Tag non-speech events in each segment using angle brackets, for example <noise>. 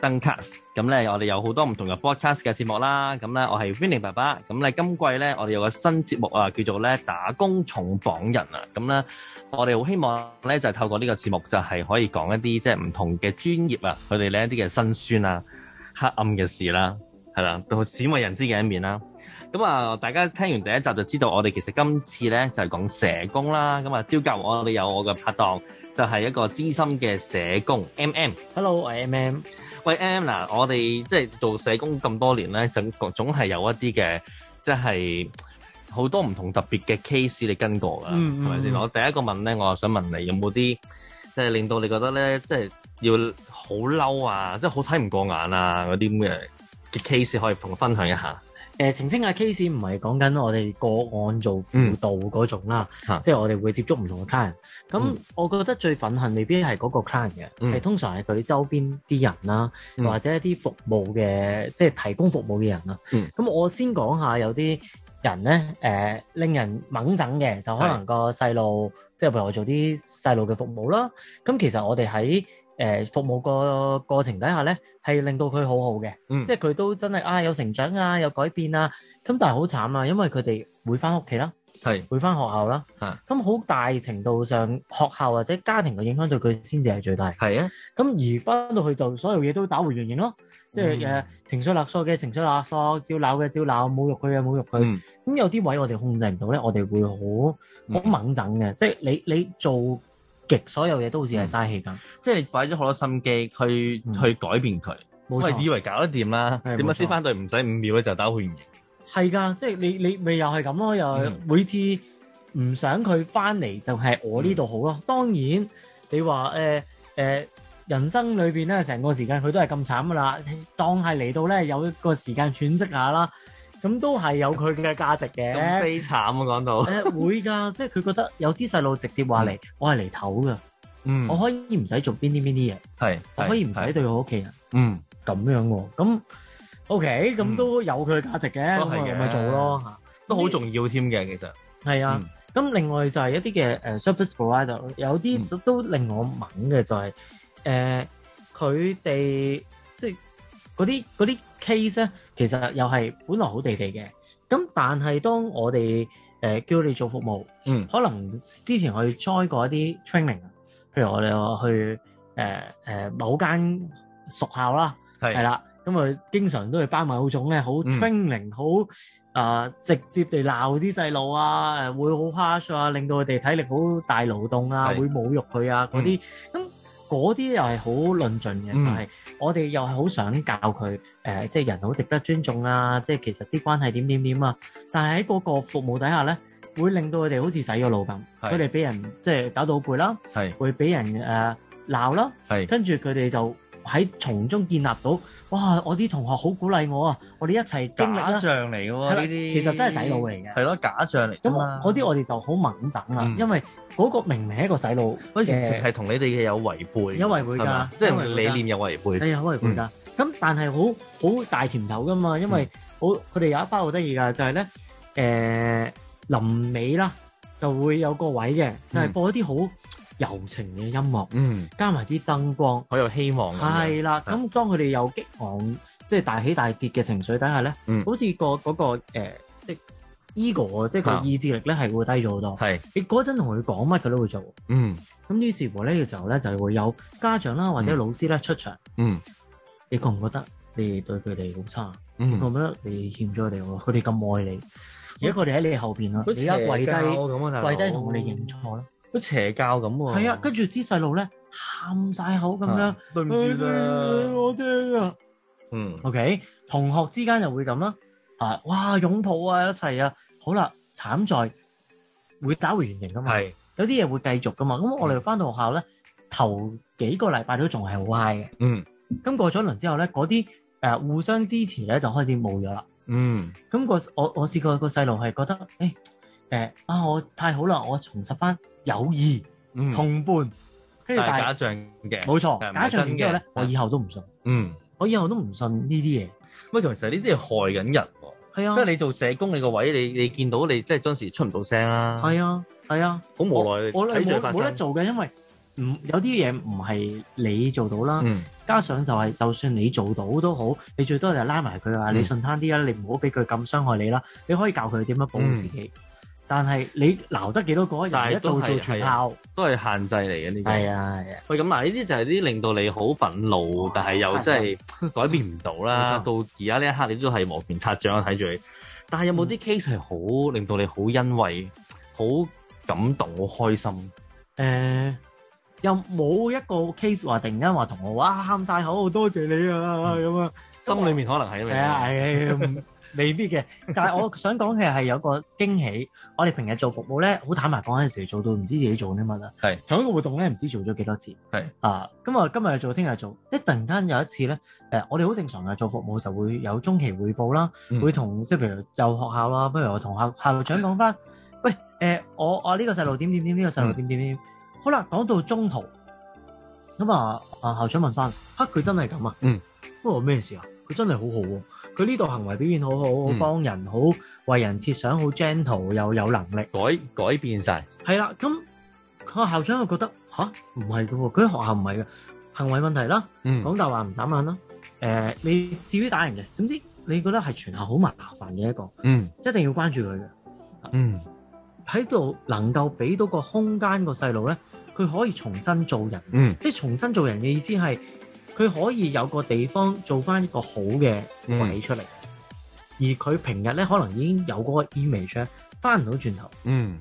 燈 cast 咁咧，我哋有好多唔同嘅 podcast 嘅節目啦。咁咧，我係 Vinny 爸爸。咁咧，今季咧，我哋有個新節目啊，叫做咧打工重榜人啊。咁咧，我哋好希望咧就係、是、透過呢個節目就係可以講一啲即係唔同嘅專業啊，佢哋呢一啲嘅辛酸啊、黑暗嘅事啦、啊，係啦，到鮮為人知嘅一面啦。咁啊，大家聽完第一集就知道，我哋其實今次咧就係、是、講社工啦。咁啊，招教我，我哋有我嘅拍檔，就係、是、一個資深嘅社工 M M. Hello, M M。Hello，我係 M M。喂，M 嗱、啊，我哋即係做社工咁多年咧，整個總係有一啲嘅，即係好多唔同特別嘅 case 你跟過噶，係咪先。我第一個問咧，我又想問你有沒有，有冇啲即係令到你覺得咧，即係要好嬲啊，即係好睇唔過眼啊嗰啲咁嘅 case 可以同我分享一下。誒、呃、澄清下 case 唔係講緊我哋個案做輔導嗰種啦，嗯、即係我哋會接觸唔同嘅 client、嗯。咁我覺得最憤恨未必係嗰個 client 嘅，係、嗯、通常係佢周邊啲人啦，嗯、或者一啲服務嘅即係提供服務嘅人啦。咁、嗯、我先講下有啲。人咧，誒、呃、令人掹憎嘅，就可能個細路，是的 即係譬如我做啲細路嘅服務啦。咁其實我哋喺誒服務個過程底下咧，係令到佢好好嘅，嗯、即係佢都真係啊有成長啊有改變啊。咁但係好慘啊，因為佢哋會翻屋企啦。係，是會翻學校啦。咁好、啊、大程度上，學校或者家庭嘅影響對佢先至係最大。係啊，咁而翻到去就所有嘢都打回原形咯。即係誒，情緒勒索嘅情緒勒索，照鬧嘅照鬧，侮辱佢嘅侮辱佢。咁、嗯、有啲位置我哋控制唔到咧，我哋會、嗯、好好猛整嘅。即係你你做極所有嘢都好似係嘥氣咁。即係你擺咗好多心機去、嗯、去改變佢，錯因為以為搞得掂啦，點解先翻到嚟唔使五秒咧就打回原形？係噶，即係你你咪又係咁咯，又每次唔想佢翻嚟就係、是、我呢度好咯。嗯、當然你話誒誒人生裏邊咧，成個時間佢都係咁慘噶啦。當係嚟到咧有一個時間喘息下啦，咁都係有佢嘅價值嘅。咁悲慘啊講到誒 <laughs> 會㗎，即係佢覺得有啲細路直接話嚟，嗯、我係嚟唞噶，嗯，我可以唔使做邊啲邊啲嘢，係，我可以唔使對我屋企人，嗯，咁樣喎，咁。O.K. 咁都有佢嘅價值嘅，咁咪、嗯、做咯都好重要添嘅其實。係啊，咁、嗯、另外就係一啲嘅、uh, service provider，有啲都令我猛嘅就係誒佢哋即係嗰啲嗰啲 case 咧，其實又係本來好地地嘅。咁但係當我哋誒、呃、叫你做服務，嗯，可能之前去 join 過一啲 training 啊，譬如我哋去誒、呃呃、某間熟校啦，係係啦。咁啊，經常都係包埋嗰種咧，好 training，好啊、嗯呃，直接地鬧啲細路啊，誒，會好 harsh 啊，令到佢哋體力好大勞動啊，是會侮辱佢啊嗰啲，咁嗰啲又係好論盡嘅，嗯、就係我哋又係好想教佢、呃、即係人好值得尊重啊，即係其實啲關係點點點啊，但係喺嗰個服務底下咧，會令到佢哋好似洗咗腦咁，佢哋俾人即係搞到攰啦，係是會俾人誒鬧啦，跟住佢哋就。喺從中建立到，哇！我啲同學好鼓勵我啊，我哋一齊經歷啦。假象嚟嘅喎呢啲，其實真係洗腦嚟嘅。係咯，假象嚟。咁嗰啲我哋就好敏感啦，嗯、因為嗰個明明係一個洗腦。所以係同你哋嘅有違背，呃、有違背㗎，係啊？即係理念有違背的。係啊，有違背㗎。咁、嗯、但係好好大甜頭㗎嘛，因為好佢哋有一包好得意㗎，就係咧誒臨尾啦，就會有個位嘅，就係、係、播一啲好。柔情嘅音樂，嗯，加埋啲燈光，好有希望。係啦，咁當佢哋有激昂，即係大起大跌嘅情緒底下咧，好似嗰個即係 ego，即係佢意志力咧，係會低咗好多。係，你嗰陣同佢講乜，佢都會做。嗯，咁於是乎呢嘅時候咧，就係會有家長啦，或者老師咧出場。嗯，你覺唔覺得你對佢哋好差？你覺唔覺得你欠咗佢哋喎？佢哋咁愛你，而家佢哋喺你後邊啊！你而家跪低，跪低同佢哋認錯啦。都邪教咁喎，係啊，跟住啲細路咧喊晒口咁樣，對唔住啦，我聽啊，嗯，OK，同學之間就會咁啦，啊，哇，擁抱啊，一齊啊，好啦，慘在會打回原形噶嘛，係，有啲嘢會繼續噶嘛，咁我哋翻到學校咧，嗯、頭幾個禮拜都仲係好 high 嘅，嗯，咁過咗輪之後咧，嗰啲、呃、互相支持咧就開始冇咗啦，嗯、那個，咁我我試過個細路係覺得，誒、哎呃，啊，我太好啦，我重拾翻。友誼、同伴，跟住假象嘅，冇錯，假象之後咧，我以後都唔信。嗯，我以後都唔信呢啲嘢。喂，其實呢啲係害緊人喎。係啊，即係你做社工，你個位，你你見到你即係當時出唔到聲啦。係啊，係啊，好無奈睇最發生。我冇得做嘅，因為唔有啲嘢唔係你做到啦。加上就係，就算你做到都好，你最多就拉埋佢話，你順攤啲啦，你唔好俾佢咁傷害你啦。你可以教佢點樣保護自己。但係你撈得幾多個？而家做做全靠都係限制嚟嘅呢啲。係啊，係啊。喂，咁啊，呢啲就係啲令到你好憤怒，但係又真係改變唔到啦。到而家呢一刻，你都係磨拳擦掌啊！睇住你。但係有冇啲 case 係好令到你好欣慰、好感動、好開心？誒，又冇一個 case 話突然間話同我哇喊曬口，好多謝你啊咁啊。心裏面可能係啊。係啊，係。未必嘅，但係我想講嘅係有個驚喜。 <laughs> 我哋平日做服務咧，好坦白講，有陣時做到唔知自己做啲乜啊。係是。同一個活動咧，唔知做咗幾多次。係是。啊，咁啊，今日做，聽日做，一突然間有一次咧，誒、呃，我哋好正常嘅做服務就會有中期匯報啦，嗯、會同即係譬如有學校啦，不如我同校校長講翻，喂，誒、呃，我我呢、啊，這個細路點點點，呢、這個細路點點點，嗯、好啦，講到中途，咁啊啊，校長問翻，吓，佢真係咁啊？啊嗯。不過咩事啊？佢真係好好、啊。佢呢度行為表現好好，好幫、嗯、人，好為人設想，好 gentle 又有，有能力改改變晒。係啦，咁個校長就覺得，吓？唔係㗎喎，佢學校唔係嘅行為問題啦，講大、嗯、話唔眨眼啦，誒、呃、未至於打人嘅，總之你覺得係全校好麻煩嘅一個，嗯，一定要關注佢嘅，嗯，喺度能夠俾到個空間個細路咧，佢可以重新做人，嗯，即係重新做人嘅意思係。佢可以有個地方做翻一個好嘅位出嚟，嗯、而佢平日咧可能已經有個 image 翻唔到轉頭，咁嗰、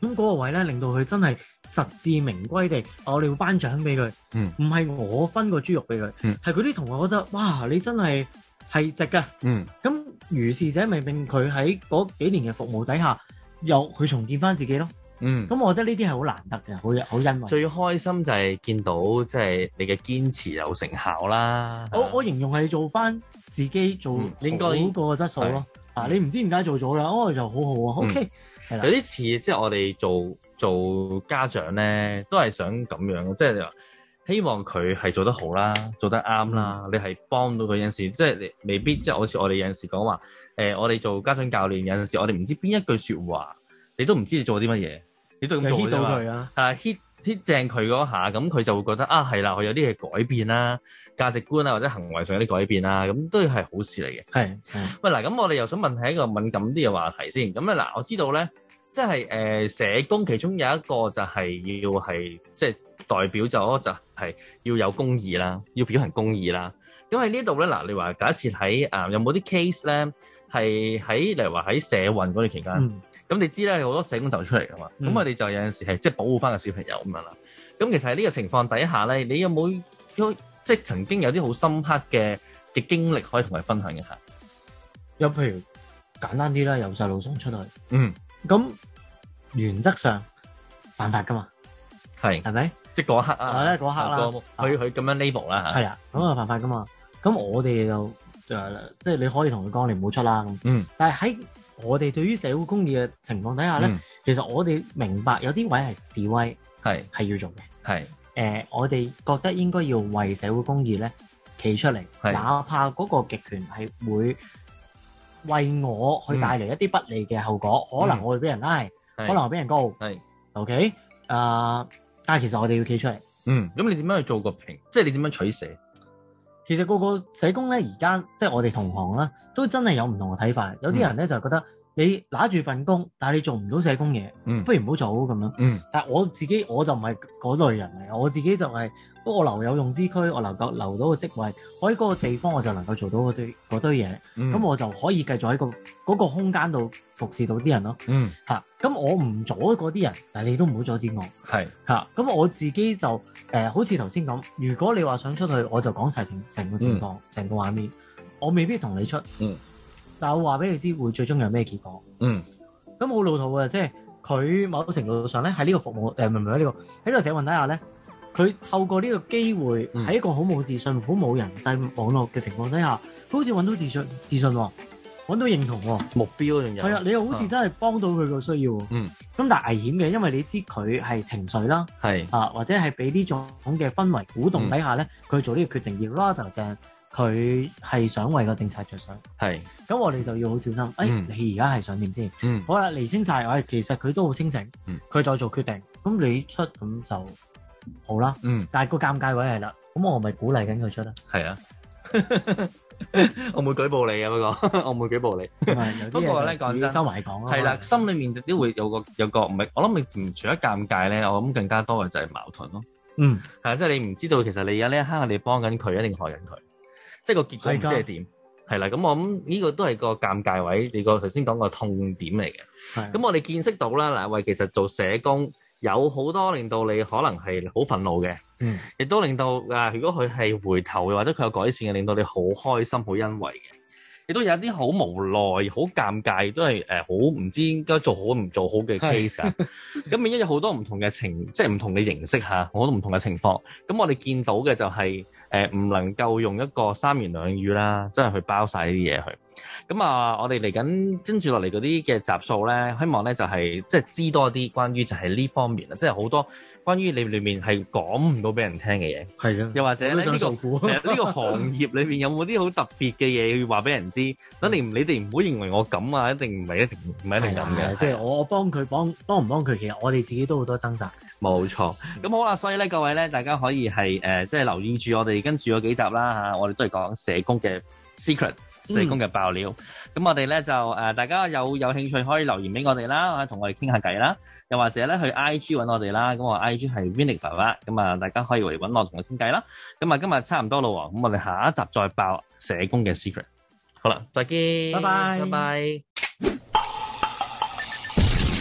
嗯、個位咧令到佢真係實至名歸地，我哋會頒獎俾佢，唔係、嗯、我分個豬肉俾佢，係嗰啲同學覺得哇，你真係係值㗎，咁、嗯、如是者明明佢喺嗰幾年嘅服務底下，又佢重建翻自己咯。嗯，咁我覺得呢啲係好難得嘅，好好欣慰。最開心就係見到即係、就是、你嘅堅持有成效啦。我我形容係做翻自己做嗰個質素咯。嗱、啊，你唔知點解做咗啦，哦，就好好啊。嗯、OK，係啦。有啲似即係我哋做做家長咧，都係想咁樣，即、就、係、是、希望佢係做得好啦，做得啱啦。嗯、你係幫到佢有陣時，即係你未必即係、就是、好似我哋有陣時講話、呃、我哋做家長教練有陣時，我哋唔知邊一句說話，你都唔知你做咗啲乜嘢。你都咁做到啊，hit hit 正佢嗰下，咁佢就會覺得啊係啦，佢有啲嘢改變啦，價值觀啊或者行為上有啲改變啦，咁都係好事嚟嘅。係的，喂嗱，咁我哋又想問係一,一個敏感啲嘅話題先。咁咧嗱，我知道咧，即係誒社工，其中有一個就係要係即係代表咗就係要有公義啦，要表現公義啦。咁喺呢度咧嗱，你話假設喺、啊、有冇啲 case 咧？係喺例如話喺社運嗰段期間，咁、嗯、你知咧好多社工就出嚟噶嘛，咁我哋就有陣時係即係保護翻個小朋友咁樣啦。咁其實喺呢個情況底下咧，你有冇即係曾經有啲好深刻嘅嘅經歷可以同佢分享一下？有譬如簡單啲啦，由細路上出去。嗯，咁原則上犯法噶嘛，係係咪？係咪即係嗰刻啊，嗰、啊、刻啦、啊，佢佢咁樣 label 啦，係啊，咁啊犯法噶嘛。咁我哋就。就即係你可以同佢講，你唔好出啦。咁，但係喺我哋對於社會公義嘅情況底下咧，嗯、其實我哋明白有啲位係示威係係要做嘅。係誒、呃，我哋覺得應該要為社會公義咧企出嚟，是哪怕嗰個極權係會為我去帶嚟一啲不利嘅後果，嗯、可能我會俾人拉，是可能我俾人告。係 O K。誒，okay? uh, 但係其實我哋要企出嚟。嗯，咁你點樣去做個評？即、就、係、是、你點樣取捨？其實個個社工咧，而家即係我哋同行啦，都真係有唔同嘅睇法。有啲人咧就覺得。嗯你拿住份工，但係你做唔到社工嘢，嗯、不如唔好做咁樣。嗯、但係我自己我就唔係嗰類人嚟，我自己就係、不過我留有用之軀，我留夠留到個職位，我喺嗰個地方我就能夠做到嗰堆嗰堆嘢，咁、嗯、我就可以繼續喺、嗰個嗰、嗰個、空間度服侍到啲人咯。嚇、嗯，咁、嗯、我唔阻嗰啲人，但係你都唔好阻止我。係嚇、咁、嗯、我自己就、呃、好似頭先咁如果你話想出去，我就講晒成成個情況、成、嗯、個畫面，我未必同你出。嗯但我話俾你知會最終有咩結果？嗯，咁好老土啊，即係佢某程度上咧，喺呢個服務誒，明唔明啊？呢、這個喺呢個社會底下咧，佢透過呢個機會，喺一個好冇自信、好冇、嗯、人際網絡嘅情況底下，佢好似搵到自信、自信，搵到認同、目標呢樣嘢。係啊，你又好似真係幫到佢個需要。嗯。咁但係危險嘅，因為你知佢係情緒啦，係是啊，或者係俾呢種嘅氛圍鼓動底下咧，佢、嗯、做呢個決定要 rather than 佢係想為個政策着想，係咁，我哋就要好小心。誒，你而家係想點先？嗯，好啦，釐清晒。我其實佢都好清醒，佢再做決定，咁你出咁就好啦，嗯。但係個尷尬位係啦，咁我咪鼓勵緊佢出啦，係啊，我唔會舉報你啊，不過我唔會舉報你，不過咧講真，收埋講咯，係啦，心裡面都會有個有個，唔係我諗唔除咗尷尬咧，我諗更加多嘅就係矛盾咯，嗯，係啊，即係你唔知道其實你而家呢一刻你幫緊佢，一定害緊佢。即係個結果即係點？係啦的，咁我諗呢個都係個尷尬位，你個頭先講個痛點嚟嘅。咁的我哋見識到啦，嗱喂，其實做社工有好多令到你可能係好憤怒嘅，嗯，亦都令到啊如果佢係回頭或者佢有改善嘅，令到你好開心好欣慰嘅，亦都有一啲好無奈、好尷尬，都係誒好唔知應該做好唔做好嘅 case 的。咁咪因有好多唔同嘅情，即係唔同嘅形式嚇，好多唔同嘅情況。咁我哋見到嘅就係、是。誒唔、呃、能夠用一個三言兩語啦，真係去包晒呢啲嘢去。咁啊，我哋嚟緊跟住落嚟嗰啲嘅集數咧，希望咧就係、是、即係知多啲關於就係呢方面啦，即係好多關於你裏面係講唔到俾人聽嘅嘢。係嘅的，又或者呢苦、呢個呢、呢個行業裏面有冇啲好特別嘅嘢要話俾人知？等 <laughs> 你你哋唔好認為我咁啊，一定唔係一定唔係一定咁嘅。即係我幫佢幫幫唔幫佢，其實我哋自己都好多掙扎。冇錯。咁好啦，所以咧各位咧，大家可以係、呃、即係留意住我哋。跟住有幾集啦吓，我哋都係講社工嘅 secret，社工嘅爆料。咁我哋咧就誒，大家有有興趣可以留言俾我哋啦，同我哋傾下偈啦。又或者咧去 I G 揾我哋啦，咁我 I G 係 Vinny 爸爸。咁啊，大家可以嚟揾我同我傾偈啦。咁啊，今日差唔多咯，咁我哋下一集再爆社工嘅 secret。好啦，再見，拜拜，拜拜。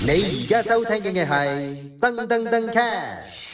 你而家收聽緊嘅係噔噔噔 cash。